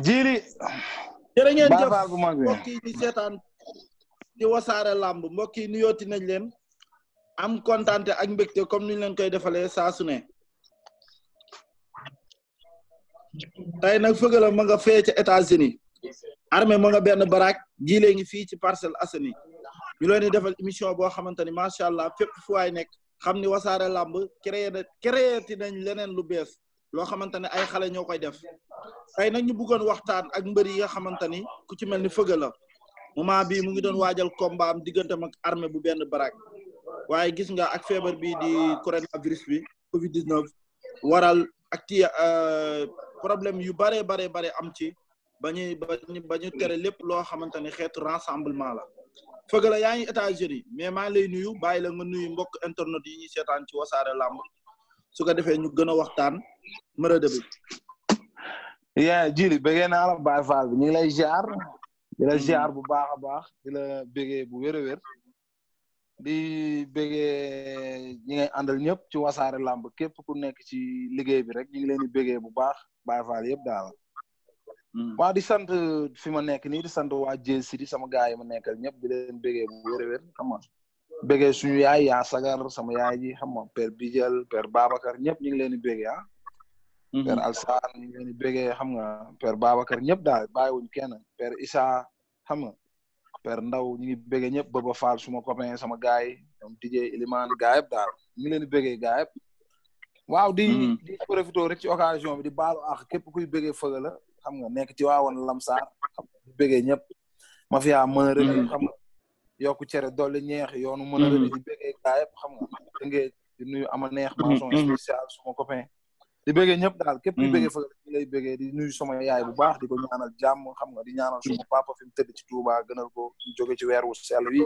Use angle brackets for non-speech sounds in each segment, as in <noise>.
jiili. jërë ngeen jëf mbokk yi ñu seetaan di wasaare làmb mbokk yi nuyooti nañ leen am kontaan ak mbégte comme ni ñu leen koy defalee saa su ne. tey nag fëgala ma nga fee ca États-Unis armee ma nga benn baraak jiilee ngi fii ci Parcelles Assainies ñu leen di defal émission boo xamante ni macha allah fépp fu waay nekk xam ni wasaare làmb créé na créé nañ leneen lu bees. loo xamante ne ay xale ñoo koy def tey nañ ñu bëggoon waxtaan ak mbër yi nga xamante ni ku ci mel ni fëgg la moment bii mu ngi doon waajal combat am digganteem ak armée bu benn barak waaye gis nga ak feebar bii di coronavirus bi Covid 19 waral ak ci euh, problème yu baree baree bare am ci ba ñuy ba ñu tere lépp loo xamante ne xeetu rassemblement la. fëgg la yaa ngi États-Unis mais maa ngi lay nuyu bàyyi la nga nuyu mbokk internet yi ñuy seetaan ci wasaare làmb su ko defee ñu gën a waxtaan mërëdë bi. yaa jili bëggee naa la bi ñu ngi lay ziar. di la mm-hmm. bu baax a baax di la bu wér a wér. di bëggee ñi ngay àndal ñëpp ci wasaare làmb képp ku nekk ci liggéey bi rek ñu ngi leen di bëggee bu baax Baye Fall yëpp daal. Mm-hmm. di sant fi ma nekk nii di sant waa Jé City sama gaay yi ma nekkal ñëpp di leen bëggee bu wér bëggee suñu yaay yaa sagar sama yaay ji xam nga père Bijel père Babacar ñëpp ñu ngi leen di bëggee ah. Mhm. père xam nga per Babacar ñëpp daal bàyyiwuñ kenn per Issa xam nga père Ndaw ñu ngi bëggee ñëpp Baba Fall suma copain sama gaay yi ñoom DJ Elimane gaay yëpp daal ñu ngi leen di bëggee gaay waaw di mhm. di ci occasion bi di baalu ak képp kuy bëggee fëga la xam nga nekk ci waawoon Lamsaar xam nga di ma fiyaa mën yokku cere dolli ñeex yoonu mën a rëdd mm-hmm. di xam nga dëngee nuyu ama neex mention mm-hmm. spéciale suma copain di bëggee ñëpp daal képp di mm-hmm. bëggee fële ñu lay bëggee di nuyu sama yaay bu baax di ko ñaanal jàmm xam nga di ñaanal suma papa fi mu tëdd ci Touba gënal ko ñu ci weer wu sell wi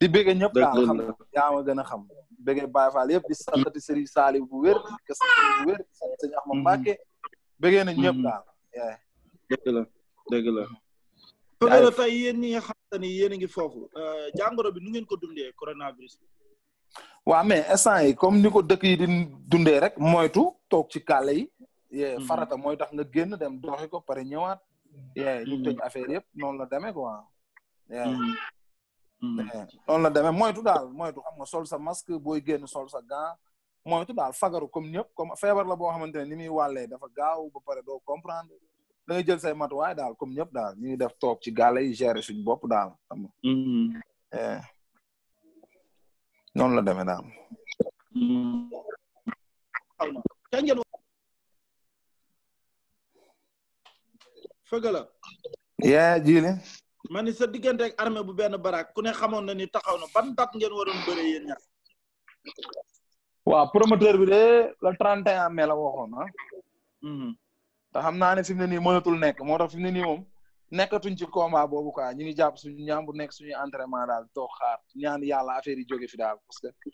di bëggee ñëpp daal xam nga gën a xam bëggee Baye Fall yëpp di santati Serigne Saliou bu wér di sant ma wér di sant Serigne Ahmad ñëpp daal dëgg la Fekena tey yéen ñi nga xamante ni yéen a ngi foofu euh, jàngoro bi nu ngeen ko dundee coronavirus bi. waaw mais instant yi comme ni ko dëkk yi di dundee rek moytu toog ci kàlla yi. Mm-hmm. farata mooy tax nga génn dem doxi ko pare ñëwaat. Mm-hmm. ñu tëj affaire yëpp noonu la demee quoi. Mm-hmm. noonu la demee moytu daal moytu xam nga sol sa masque booy génn sol sa gant. moytu daal fagaru comme ñëpp comme feebar la boo xamante ne ni muy wàllee dafa gaaw ba pare doo comprendre. da ngay jël say matuwaay daal comme ñëpp daal ñu ngi def toog ci gaale yi gérer suñu bopp daal xam nga mm-hmm. eh. noonu la demee daal. fëgala. yaa jiile. ma ni sa diggante ak bu benn baraak ku ne xamoon na ni taxaw na ban date ngeen waroon bëree yéen ñaar. waaw promoteur bi de le 31 mai la waxoon ah. Mm-hmm. te xam naa ne fi mu ne nii mënatul nekk moo tax fi mu ne nii moom nekkatuñ ci combat boobu quoi ñu ngi jàpp suñu ñaam nekk suñuy entraînement daal toog xaar ñaan yàlla affaire yi jóge fi daal parce que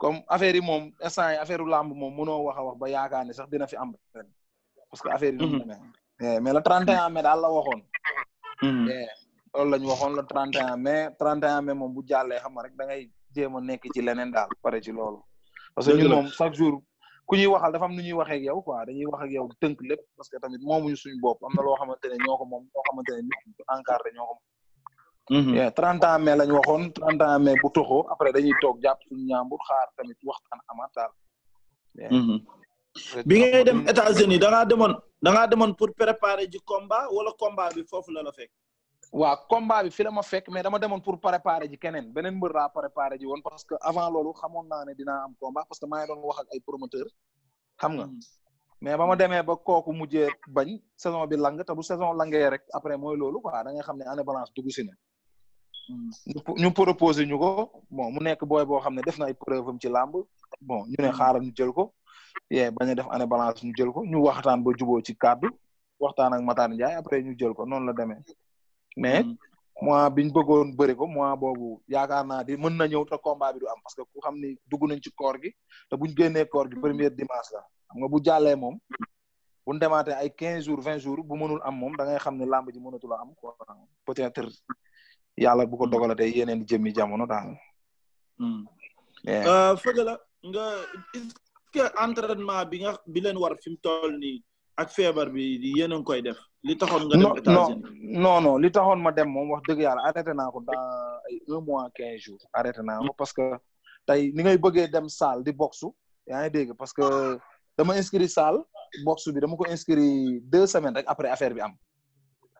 comme affaire yi moom instant yi affaire u làmb moom mënoo wax a ba yaakaar ne sax dina fi am parce que affaire yi. Mhm. Eh, mais le 31 mai daal la waxoon. Mhm. Eh, loolu la ñu waxoon le 31 mai 31 mai moom bu jaal xam nga rek da ngay jéem a nekk ci leneen daal pare ci lool parce que ñun moom chaque ku ñuy waxal dafa am nu ñuy waxee ak yow quoi dañuy wax ak yow tënk lépp parce que tamit moomuñu suñu bopp am na loo xamante ne ñoo ko moom loo xamante ne nit encadré ñoo ko moom. 30 mm-hmm. ans mai lañ waxoon 30 ans mai bu après dañuy toog jàpp suñu ñaambur xaar tamit waxtaan amaat daal. Mm-hmm. bi ngay dem États-Unis da ngaa demoon da pour préparer ji combat wala komba bi foofu la la fekk. waaw combat bi fi la ma fekk mais dama demoon pour préparer ji keneen beneen mbër laa préparer ji woon parce que avant loolu xamoon naa ne am combat parce que maa ngi doon ay promoteur xam nga hmm. mais ba ma demee ba kooku mujjee bañ saison bi lang te bu saison langee rek après mooy loolu quoi da nga xam ne année balance dugg si na hmm. ñu proposé ñu ko bon mu nekk booy boo xam ne def na ay preuve am ci làmb bon ñu ne hmm. xaaral ñu jël ko yee bañ a def année balance ñu jël ko ñu waxtaan ba juboo ci kàddu waxtaan ak Matar Ndiaye après ñu jël ko noonu la demee mais mm. mois biñ bëggoon bëri ko mois boobu yaakaar naa di mën na ñëw te combat bi du am parce que ku xam ni dugg nañ ci koor gi te buñ génnee koor gi première dimanche la xam nga bu jàllee moom buñ demaatee ay quinze jours vingt jours bu mënul am moom da ngay xam ne làmb ji mënatul am quoi peut-être yàlla bu ko dogalatee yeneen jëmmi jamono daal. Mm. Euh, fëgg la nga est-ce que entraînement bi nga bi leen war fi mu toll nii ak feebar bi yéen a ngi koy def. li taxoon nga dem états li taxoon ma dem moom wax dëgg yàlla arrêté naa ko dans ay un mois quinze jours arrêté naa ko parce que tey ni ngay bëggee dem salle di boksu yaa ngi dégg parce que dama inscrit salle boxu bi dama ko inscrit deux semaines rek après affaire bi am.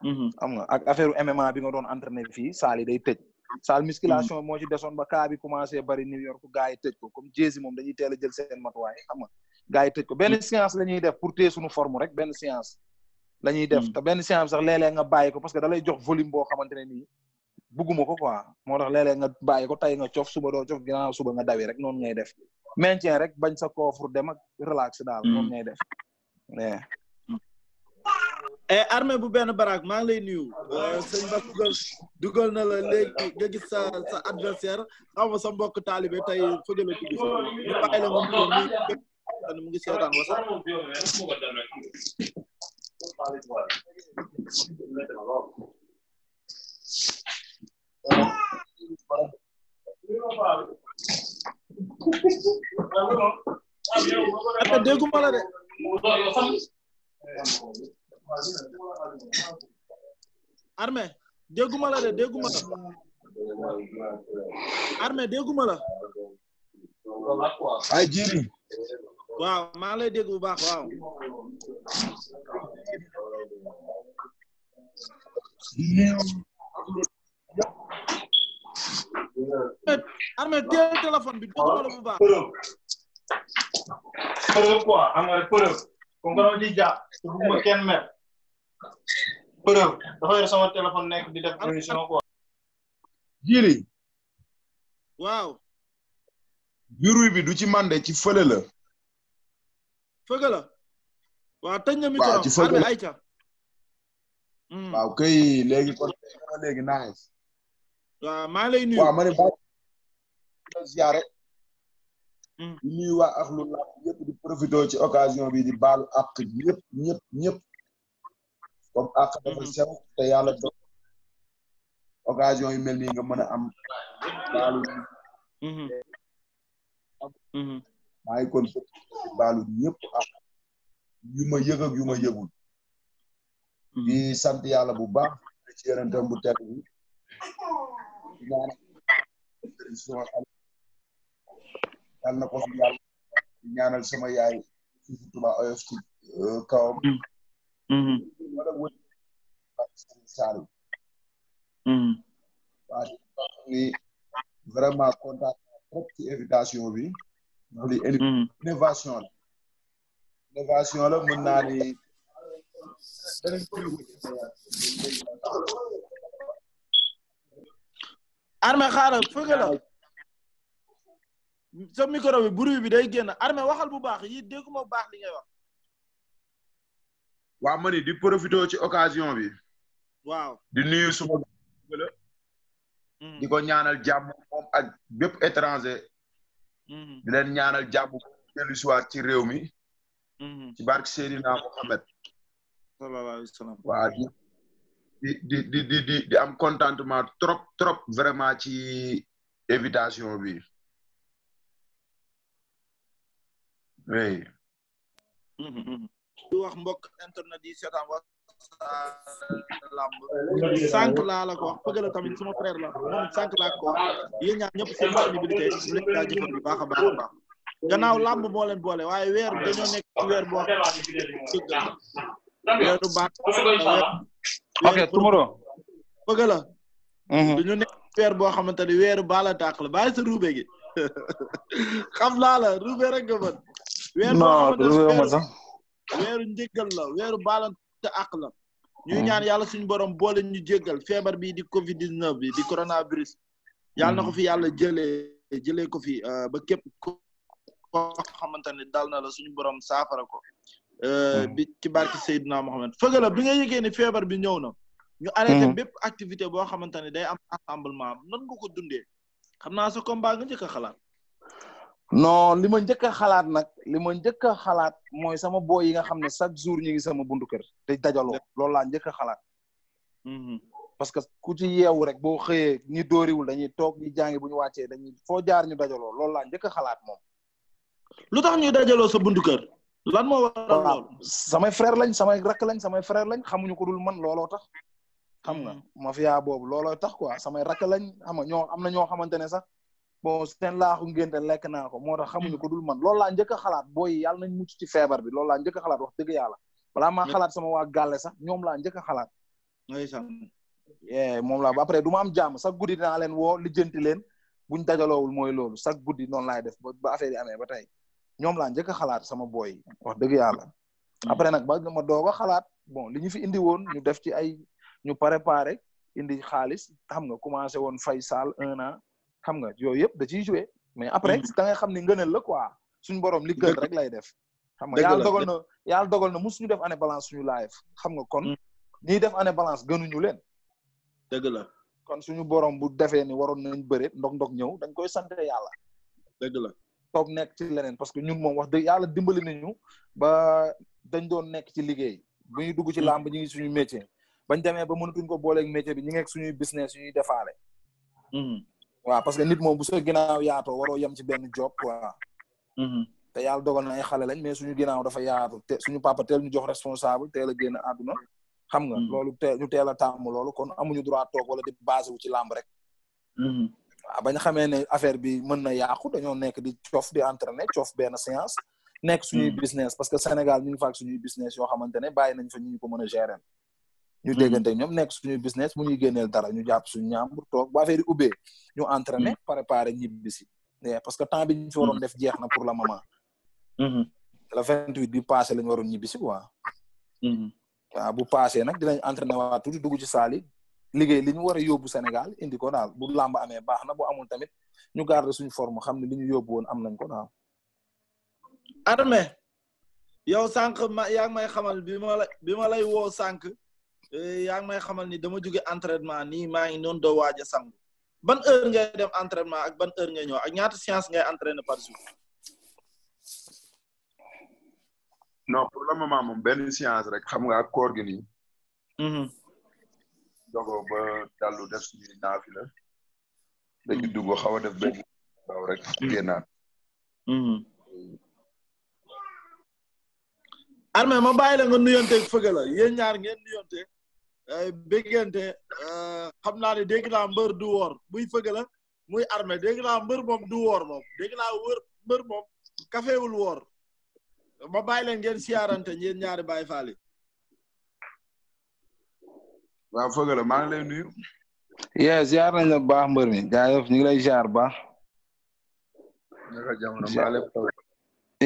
Mm-hmm. xam nga ak affaire MMA bi nga doon entraîner fii salle yi day tëj. salle musculation mm-hmm. moo ci desoon ba cas bi commencé bari New York gaa yi tëj ko comme Jési moom dañuy teel a jël seen matuwaay xam gars yi ko benn hmm. séance la ñuy def pour téye suñu forme rek benn séance la ñuy def hmm. te benn séance sax léeg nga bàyyi ko parce que da lay jox volume boo xamante ne nii bugguma ko quoi moo tax léeg nga bàyyi ko tey nga cof suba doo cof ginnaaw suba nga dawi rek noonu ngay def maintien rek bañ sa koofur dem ak relax daal noonu hmm. ngay def et eh, armée bu benn baraak maa ngi lay nuyu euh, sëñ ba na la léegi gis sa sa adversaire xaw ma sa mbokk taalibe tey fëjala tudd xam ne mu ngi wasa aka dégguma la de armée dégguma la de dégguma la armée dégguma la ay jiri waaw maa ngi lay dégg bu baax waaw. Armé téye téléphone bi bu baax. preuve quoi am nga preuve comme que dama ciy jàpp te bëgguma kenn mer preuve dafa yor sama nekk di def émission quoi. jiri waaw. juróomi bi du ci ci fële la. fëgala waaw tëj na micro ci fëgala ayca hmm. léegi kon léegi naaj waaw maa lay nuyu waaw ma ne ba ziyaare hmm. di nuyu waa axlu ci occasion bi di baalu àq ñëpp ñëpp ñëpp comme hmm. mën a am maa ngi kon baalu ñëpp ak yu ma yëg yëgul hmm. di sant yàlla bu baax ci yonentam bu tedd bi ñaanal sama yaay suufu tuba euh, hmm. hmm. vraiment kontaan trop ci invitation bi ndax li mm-hmm. innovation la innovation la mën naa ni armé xaaral fëgga la sa micro bi bruit bi day génn armé waxal bu baax yi dégguma baax li ngay di profité ci occasion bi waaw di nuyu suma mm. di ko ñaanal jàmm moom ak bépp Mm-hmm. di leen ñaanal jàmm dellu si ci réew mi. Mm-hmm. ci barke Seydina Mohamed. di di di di di am contentement trop trop vraiment ci invitation bi. oui. Mm-hmm. di wax mbokk internet yi seetaan wax lamb sànq laa ko wax bëgg la tamit suma frère la moom sànq laa ko wax yéen ñaar ñëpp seen disponibilité ñu leen daa jëfal bu baax a baax a baax gannaaw lamb moo leen boole waaye weer dañoo nekk ci weer boo xam weeru baax ok tumoro bëgg la mhm. dañu nekk weer boo xamante ni weeru baala tàq la bàyyi sa ruube gi xam laa la ruube rek nga weer boo xamante ni weeru njëggal la weeru baalan te àq la. ñuy hmm. ñaan yàlla suñu borom boole ñu jéggal feebar bii di Covid 19 bi di coronavirus. yàlla na ko hmm. fi yàlla jëlee jëlee ko fi euh, ba képp koo xamante ne dal na la suñu borom saafara ko. Euh, hmm. bi ci barki Seydina Mohamed Feugeula bi nga yëgee ni feebar bi ñëw na. ñu arrêté bépp activité boo xamante ne day am rassemblement nan nga ko dundee. xam naa sa combat nga njëkk a non li ma njëkk a xalaat nag li ma njëkk a xalaat mooy sama boy yi nga xam ne chaque jour ñu ngi sama buntu kër te dajaloo loolu laa njëkk a xalaat. Mm-hmm. parce que ku ci rek boo xëyee ñi dóoriwul dañuy toog ñi jàngi bu ñu wàccee dañuy foo jaar ñu dajaloo loolu laa njëkk a xalaat moom. lu tax ñuy dajaloo sa buntu kër. lan moo waral loolu samay frère lañ samay rakk lañ samay frère lañ xamuñu ko dul man looloo tax. xam nga mm-hmm. mafia boobu looloo tax quoi samay rakk lañ xam nga ñoo am na ñoo xamante ne sax. bon seen laaxu ngénte lekk naa ko moo tax xamuñu ko dul man loolu laa njëkk a xalaat booy ci feebar bi loolu laa njëkk a wax dëgg yàlla balaa maa mm. xalaat sama waa gàlle sax ñoom laa njëkk a xalaat e moom laa après du ma am jàmm sax guddi dinaa leen woo lijjanti leen buñ dajaloowul mooy loolu sax guddi noonu laay def ba affaire yi amee ba tey ñoom laa njëkk a xalaat sama booy wax dëgg yàlla après nag ba ma doog a xalaat bon li ñu fi indi woon ñu def ci ay ñu pare indi xaalis xam nga commencé woon fay saal un xam nga yooyu yëpp da ciy joué mais après mhm. da ngay xam ni ngëneel la quoi suñu borom li gën rek lay def xam nga yàlla dogal na yàlla dogal na musuñu def année balance suñu live xam nga kon mhm. ñiy def année balance gënuñu leen dëgg la kon suñu borom bu defee ni waroon nañ bëre ndog ndog ñëw dañ koy sant yàlla dëgg la toog nekk ci leneen parce que ñun moom wax dëgg yàlla dimbali nañu ba dañ doon nekk ci liggéey bu ñuy dugg ci mhm. làmb ñu ngi suñu métier bañ demee ba mënatuñ ko booleeg métier bi ñu ngeek suñuy business suñuy defaale waaw parce que nit moom bu sa ginnaaw yaatoo waroo yem ci benn job quoi. Mhm. te yàlla dogal na ay xale lañ mais suñu ginnaaw dafa yaatu te suñu papa teel ñu jox responsable teel a génn àdduna. xam nga mhm. loolu teel ñu teel a tàmm loolu kon amuñu droit toog wala di basé wu ci làmb rek. Mhm. a bañ xamee ne affaire bi mën na yàqu dañoo nekk di coof di entraîner coof benn séance. nekk suñuy business parce que Sénégal ñu ngi su suñuy business yoo xamante ne bàyyi nañ fa ñu ñu ko mën a gérer. ñu hmm. déggante ñoom nekk suñu business mu ñu génneel dara ñu jàpp suñu ñaambur toog bu affaire yi ubbee ñu entraîné hmm. préparé ñibbisi eh, parce que temps bi ñu fi waroon hmm. def jeex na pour le moment le vingt huit bi passé la ñu waroon ñibbisi quoi waaw bu passé nag dinañ entraîné waa tuuti dugg ci saal liggéey li ñu war a yóbbu Sénégal indi ko daal bu làmb amee baax na bu amul tamit ñu garder suñu forme xam ne li ñu yóbbu woon am nañ ko daal Adama yow sànq ma yaa ngi may xamal bi ma la ma lay woo sànq Eh, yaa ngi may xamal ni dama jóge entraînement nii maa ngi noonu doo waaj a sangu ban heure ngay dem entraînement ak ban heure ngay ñëw ak ñaata séance ngay entraîner par jour. non pour le moment moom benn rek xam nga ak koor gi nii. Mhm. dogo ba xaw a def benn waaw rek mhm. Mhm. ma bàyyi la nga nuyonteeg ñaar ngeen nuyonte béggante eh, eh, xam naa ne dégg naa mbër du woor buy fëgg la muy arme dégg mbër moom du woor moom dégg naa wër mbër moom kafewul woor ma bàyyi leen ngeen siyarante ngeen ñaari bàyyi faal yi waaw fëgg la maa ngi lay nuyu yee ziar nañ la mbër mi jaajëf ñu ngi lay ziar baax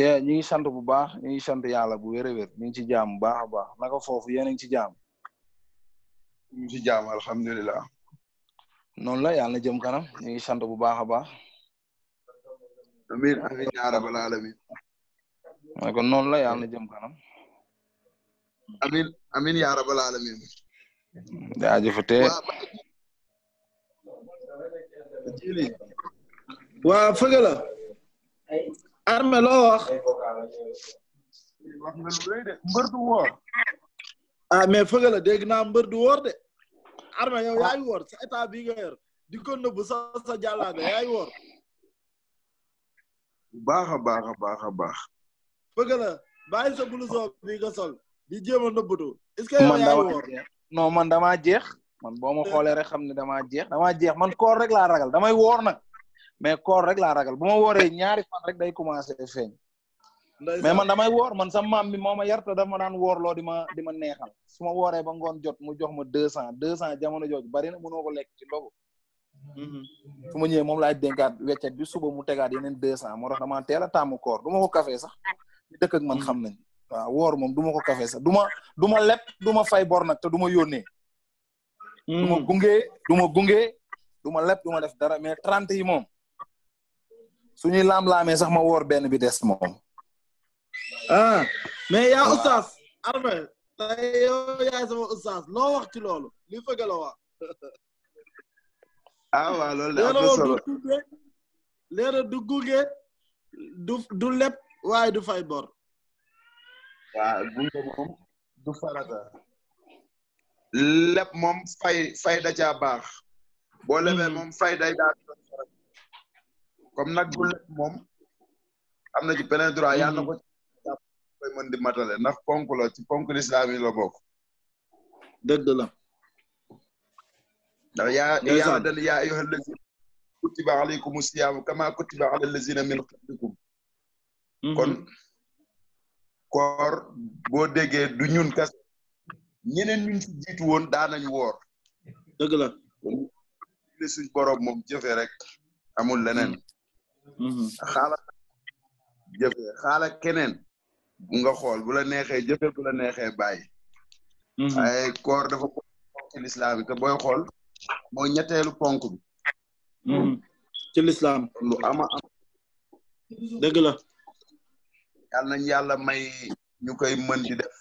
yee ñu ngi sant bu baax ñu ngi sant yàlla bu wér a wér ngi ci jaam bu baax a naka foofu yéen a ngi ci jaam ñu ngi si jàmm alhamdulilah. noonu la yàlla na jëm kanam ñu ngi sant bu baax a baax. amiin amiin yaa rabbal alamin. ma kon noonu la yàlla na kanam. amiin amiin yaa rabbal alamin. jaajëfate. waa fëgg la. Armé loo wax. wax ah mais fëgg la dégg naa mbër du woor de. Armé yow ah. yaay woor sa état bi nga yor di ko nëbbu sa sa jàllaabe yaay woor. baax a baax a baax a baax. fëgg la bàyyi sa blouson bi nga sol di jéem a nëbbutu est-ce que yow yaay woor man damaa jeex man boo ma xoolee rek xam ne damaa jeex damaa jeex man koor rek laa ragal damay woor nag mais koor rek laa ragal bu ma wooree ñaari fan rek day commencé feeñ. mais man damay woor man sa maam bi moo ma yarta daf ma daan woorloo di ma di ma neexal su ma wooree ba ngoon jot mu jox ma deux cent deux cent jamono jooju bari na mënoo ko lekk ci ndogu mhm. su ma ñëwee moom laay dénkaat weccet bi suba mu tegaat yeneen deux cent moo tax damaa teel a taamu koor du ma ko café sax ñu dëkk ak man mhm. xam nañ waaw woor moom du ko café sax du ma du ma leb du ma fay bor nag te du ma yónnee gunge ma gungee du ma mhm. gungee du ma leb du ma def dara mais trente yi moom suñuy laam-laamee sax ma woor benn bi des moom ah mais yaa ah. oustaz arme tey yow yaay sama oustaz loo wax ci loolu li fëgg la wax <laughs> ah waaw loolu de am na solo leera du gunge du du lépp waaye du fay bor waaw gunge moom du farata lépp moom fay fay da caa baax boo lebee hmm. moom fay day daal comme nag du lépp moom am na ci beneen droit yàlla na hmm. ko koy mën di matale ndax ponk la ci ponk lislaam yi la bokk. ya la. ndax yaa yaa dal yaa ayyuhal lazina kama kutiba alal lazina mhm. kon koor boo déggee du kas ñeneen ñun ci jiitu woon daanañ woor. dëgg la. li suñ borom moom jëfe rek amul leneen. Mhm. Mhm. xaala xaala keneen. nga xool bu la neexee jëfee bula neexee bàyyi. Mhm. ay koor dafa bokk ci lislaam te booy xool moo ñetteelu ponk bi. Mhm. ci lislaam lu ama am. dëgg la. yàlla nañ may ñu koy mën di def.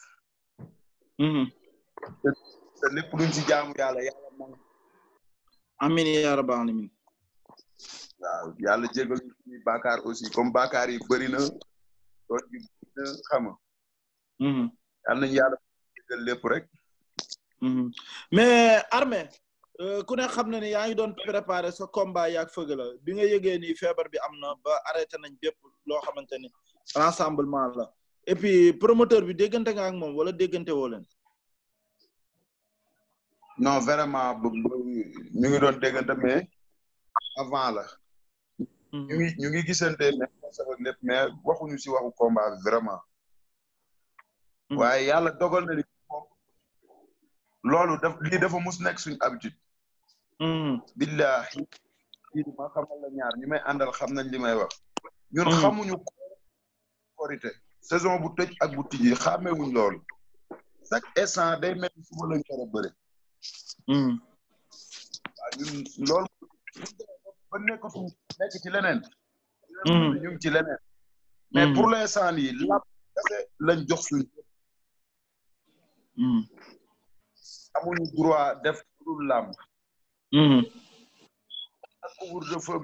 Mhm. te lépp luñ ci waaw yàlla jégal ñu aussi comme bàkkaar yi bëri xam nga. am mhm. nañu rek. Mhm. mais Armé euh, ku ne xam na ni yaa ngi doon préparé sa combat yaak fëgg la bi nga yëgee ni feebar bi am na ba arrêté nañ bépp loo xamante ni rassemblement la et puis promoteur bi déggante nga ak moom wala déggante woo leen. non vraiment ñu ngi doon déggante mais avant la. Mhm. ñu ngi ñu ngi gisante lépp waxuñu si waxu combat bi vraiment. Mhm. waaye yàlla dogal na ni loolu lii dafa mus nekk suñu habitude. Mhm. billaahi ma xamal ñaar ñi may àndal xam nañ li may wax. ñun xamuñu korité saison bu tëj ak bu tijji xàmmewuñ loolu chaque instant day mel suba lañ war a bëre. loolu. ba nekkatu nekk ci leneen. Mm. ñu ci leneen. mais mm. pour l'instant nii làmb kese lañ jox suñ mm. amuñu def dul làmb.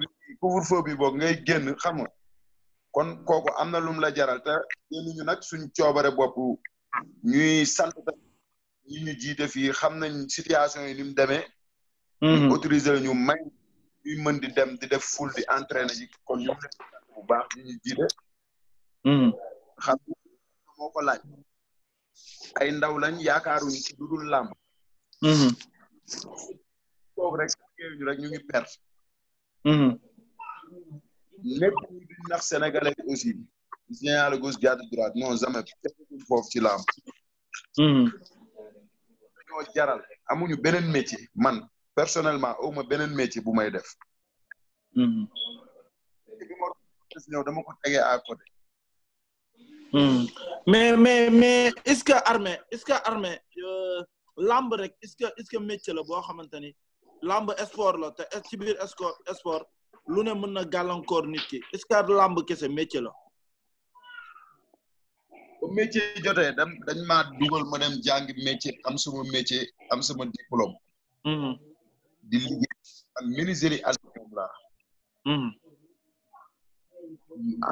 bi couvre boog ngay génn xam kon kooku am na lum la jaral te ñu nag suñ coobare bopp ñuy sant ñi ñu jiite fii xam nañ situation yi ni mu demee. autoriser ñu may. ñuy mën di dem di def ful di entraîner yi kon ñu bu baax ñu ñuy jiite. Hmm. xam nga ay ndaw lañ yaakaaruñu ci lu dul hmm. rek ñu rek ñu ngi perte. nekk ñu di nax sénégalais aussi. général gauche gàddu droite non jamais teguñu ci làmb. Hmm. dañoo jaral amuñu beneen métier man. personnellement aw ma beneen métier bu may def. Mm-hmm. bi ma ñëw dama ko tegee à côté. Mm-hmm. mais mais est-ce que armée est-ce que armée euh, lamb rek est-ce que est-ce la boo xamante ni lamb sport la te ci biir sport lu ne mën na gàllankoor nit ki est-ce que lamb kese métier la. ba métier jotee dañ maa dugal ma dem jàngi métier am sama métier am sama diplôme. Mm-hmm. di liggéey ak menuiserie aluminium laa hmm.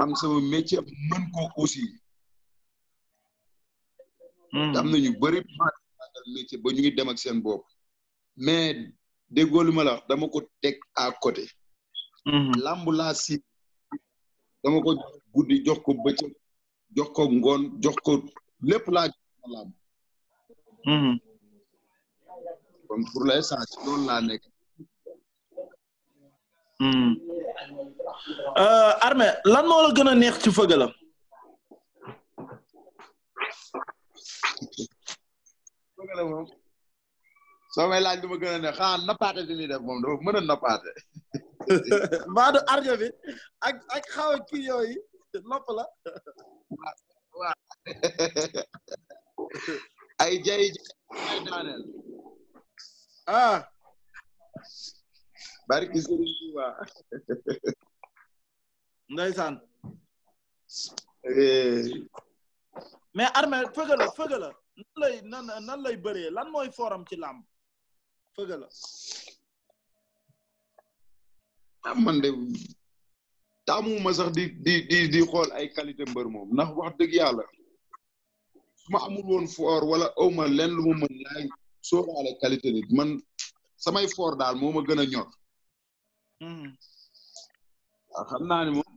am sama métier mën ko aussi hmm. am na ñu bëri maanaam métier ba ñu ngi dem ak seen bopp mais déggoo li ma la dama ko teg à côté hmm. làmb laa si dama ko guddi jox ko bëccëg jox ko ngoon jox ko lépp laa jox làmb kon pour l'instant si loolu laa nekk. Hmm. Euh, armé lan moo la gën a neex ci fëgg la. soo may laaj dama gën a neex xanaa nappaate li muy def moom dafa mën a nappaate. maa <laughs> du ak ak xaw a kii la. <laughs> ay jay jay daaneel. ah barki Sëriñ Tuuba ndeysaan mais Armé fëgg la fëgg la nan lay nan bëree lan mooy forum ci làmb fëgg la ah man sax di di di di xool ay qualité mbër moom ndax wax dëgg yàlla ma amul woon foor wala awma lenn lu ma mën laay sóoraale qualité nit man samay foor daal moo ma gën a ñor. Hmm. waaw xam naa ne moom.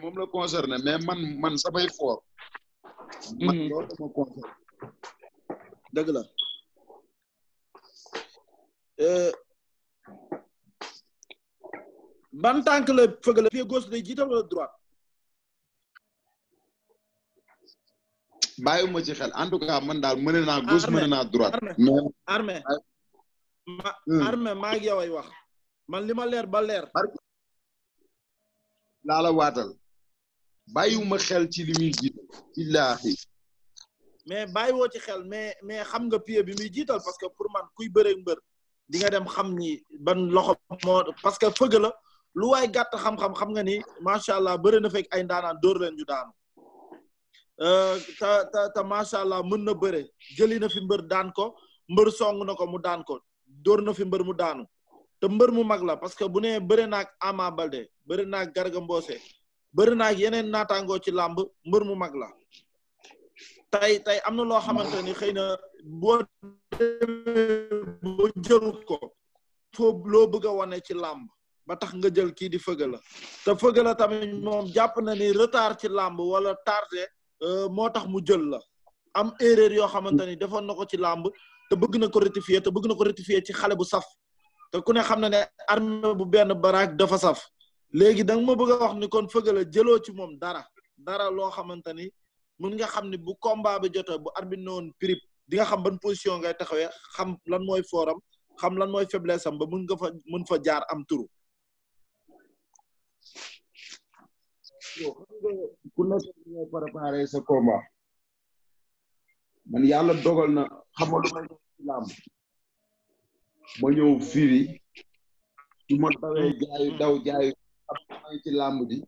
moom la concerné mais man man samay foor. man hmm. loolu dama concerné. dëgg la. Euh, ban tànk la fëgg la droite. bàyyiwuma ci xel en tout cas man daal mën naa gauche mën naa droite. mais armée ma hmm. armée maa wax man li ma leer ba leer. laa la waatal bàyyiwuma xel ci li muy jiital illaahi mais bàyyiwoo ci xel mais mais xam nga pied bi muy jiital parce que pour man kuy bëree mbër di nga dem xam ni ban loxo parce que fëgg la lu waay gàtt xam-xam xam nga ni macha allah bëri na fekk ay ndaanaan door leen ñu daanu. te euh, te te macha allah mën na bëre jëli na fi mbër daan ko mbër song na ko mu daan ko dóor na fi mbër mu daanu te mbër mu mag la parce que bu ne bëri naag Ama Baldé bëri naag Garga Mbossé bëri naag yeneen naataangoo ci làmb mbër mu mag la tey tey am na loo xamante ni xëy na boo boo jëlut ko foo loo bëgg a ci làmb ba tax nga jël kii di fëgg la te fëgg la tamit moom jàpp na ni retard ci làmb wala tardé Euh, moo tax mu jël la am erreur yoo xamante ni defoon na ko ci làmb te bëgg na ko rectifier te bëgg na ko rectifier ci xale bu saf te ku ne xam na ne armée bu benn baraak dafa saf léegi da nga ma bëgg a wax ni kon fëgg la jëloo ci moom dara dara loo xamante ni mun nga xam ni bu combat bi jotee bu arbitre ne woon prip di nga xam ban position ngay taxawee xam lan mooy fooram xam lan mooy faiblesse am ba mun nga fa mun fa jaar am turu. ku nekk ñoo préparé sa combat man yàlla dogal na xam nga ma ñëw firi su ma dawee jaayu daw jaayu am ci làmb ji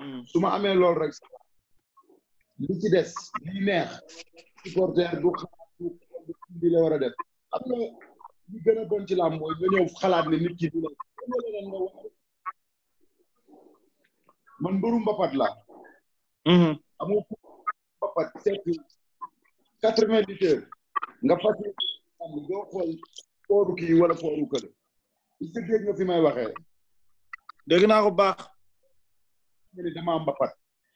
mm. su ma amee loolu rek ci des li neex supporter war a def am na li ci làmb mooy nga ñëw xalaat ne nit ki di la la Mhm. amoo papat sept quatre vingt nga fàttali am doo kii wala pooru kële est-ce que dégg fi may waxee dégg naa ko baax ne damaa mbapat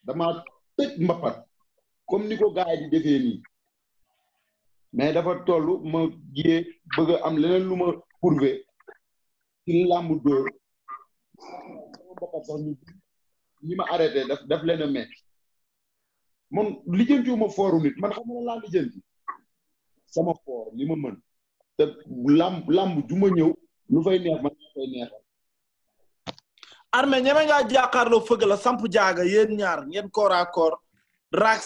damaa tëj mbapat comme ni ko gars yi di defee nii mais dafa toll ma jiyee bëgg am leneen lu ma prouver ci làmb dóor mbapat sax ma arrêté daf daf leen a man lijjantiwuma fooru nit man xam nga laa lijjanti sama foor li ma mën te làmb làmb juma ñëw lu fay neex man lu fay neexal. Armé ñeme ngaa jàkkaarloo fëgg la samp jaaga yéen ñaar ngeen koor à koor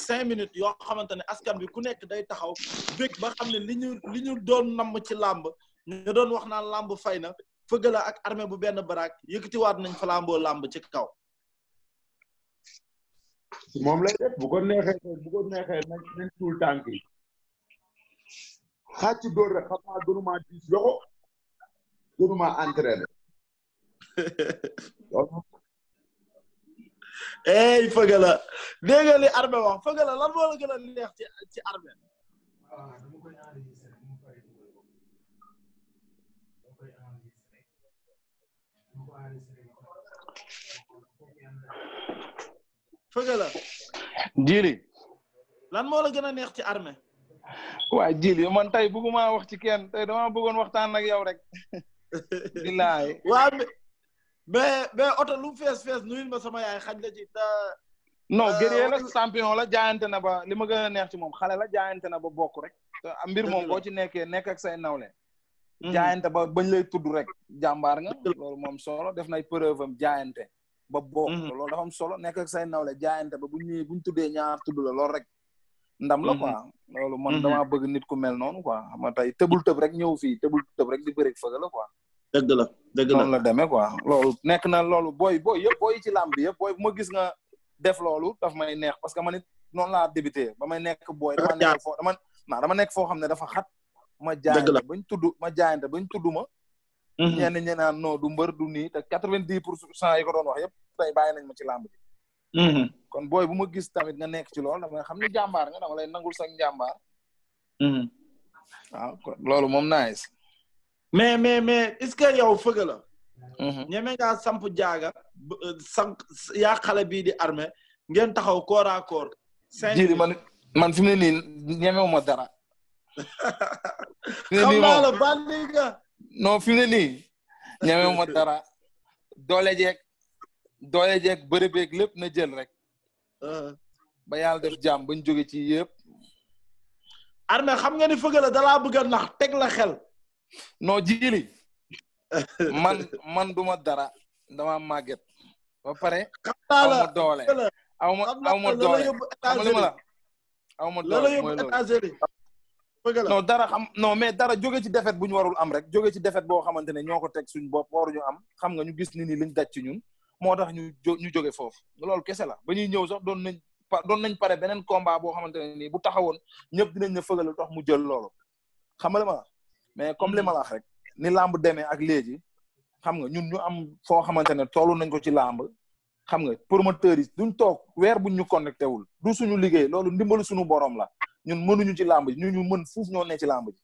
cinq minutes yoo xamante ne askan bi ku nekk day taxaw bég ba xam ne li ñu li ñu doon namm ci làmb ñu doon wax naan làmb fay na fëgg la ak Armé bu benn baraak yëkkatiwaat nañ fa làmboo làmb ci kaw. moom lay def bu ko neexee bu ko neexee tuul tànk yi xàcc dóor rek xam naa gënumaa diis loxo gënumaa entraîné <laughs> ey Feugeula dégg nga li armé wax moo la gën a ci ci fëgg la. Jili. lan moo la a neex ci armée. waa Jili man tey bëgguma wax ci kenn dama bëggoon waxtaan ak yow rek. <laughs> bilaay. waa mais mais oto lu mu fees nu nuyul ma sama yaay xaj la ci da. non euh, guerrier la champion la jaayante na ba li ma gën a neex ci moom xale la jaayante na ba bokk rek. mbir moom boo ci nekkee nekk ak say nawle. Mm-hmm. jaayante ba bañ lay tudd rek jàmbaar nga. loolu moom solo def nay preuve am jaayante. ba bokk mhm. loolu dafa am solo nekk ak say nawle jaayante ba bu ñëwee bu ñu tuddee ñaar tudd la loolu rek ndam la quoi mhm. loolu man mhm. damaa bëgg nit ku mel noonu quoi a nga tey tëbul tëb rek ñëw fii tëbul tëb rek di bëri fëgg la quoi dëgg la dëgg la noonu la demee quoi loolu nekk na loolu booy booy yëpp booy ci làmb bi yëpp booy ma gis nga def loolu daf may neex parce que man it noonu laa débuté ba may nekk booy dama nekk foo dama naa dama nekk foo xam ne dafa xat ma jaayante bañ tudd ma jaayante bañ tudd ma Mm-hmm. ñenn ñi naan non du mbër du nii te quatre-vingt-dix pour cent yi ko doon wax ma ci làmb ji mm-hmm. kon booy bu ma gis tamit nga nekk ci loolu dama xam ne jàmbaar nga dama lay nangul sax jàmbaar mm-hmm. waaw kon loolu moom nice mais mais mais est-ce que yow fëgg la ñeme ngaa samp jaaga euh, sank yaa xale bii di armée ngeen taxaw corps à corps jiri man man fi mu ne nii ñemewu ma dara <laughs> xam naa la bandi non fi mu ne nii ñeme dara doole jeeg doole jeeg bëri beeg lépp na jël rek. Uh-huh. ba yàlla de jàmm bañ jóge ci yëpp. Armé xam nga ni Feugeula da bëgg a nax teg la xel. non jili <laughs> man man duma dara dama màgget. ba pare aw ma doole aw ma aw ma doole aw ma non dara xam no mais dara jóge ci defet bu ñu warul am rek jóge ci defet bo xamante ne ñoo ko teg suñ bopp waruñu am xam nga ñu gis ni ni liñ daj ci ñun moo tax ñu jó ñu jóge foofu loolu kese la ba ñuy ñëw sax doon nañ doon nañ pare beneen combat boo xamante ne nii bu taxawoon ñëpp dinañ na fëgal tax mu jël loolu xam nga li ma la mais comme li ma la rek ni làmb demee ak léegi xam nga ñun ñu am foo xamante ne toolu nañ ko ci làmb xam nga promoteurs yi duñ toog weer buñ ñu connecté wul du suñu liggéey loolu ndimbalu suñu borom la ñun mënuñu ci làmb ji ñu ñu mën fuuf ñoo ne ci lamb ji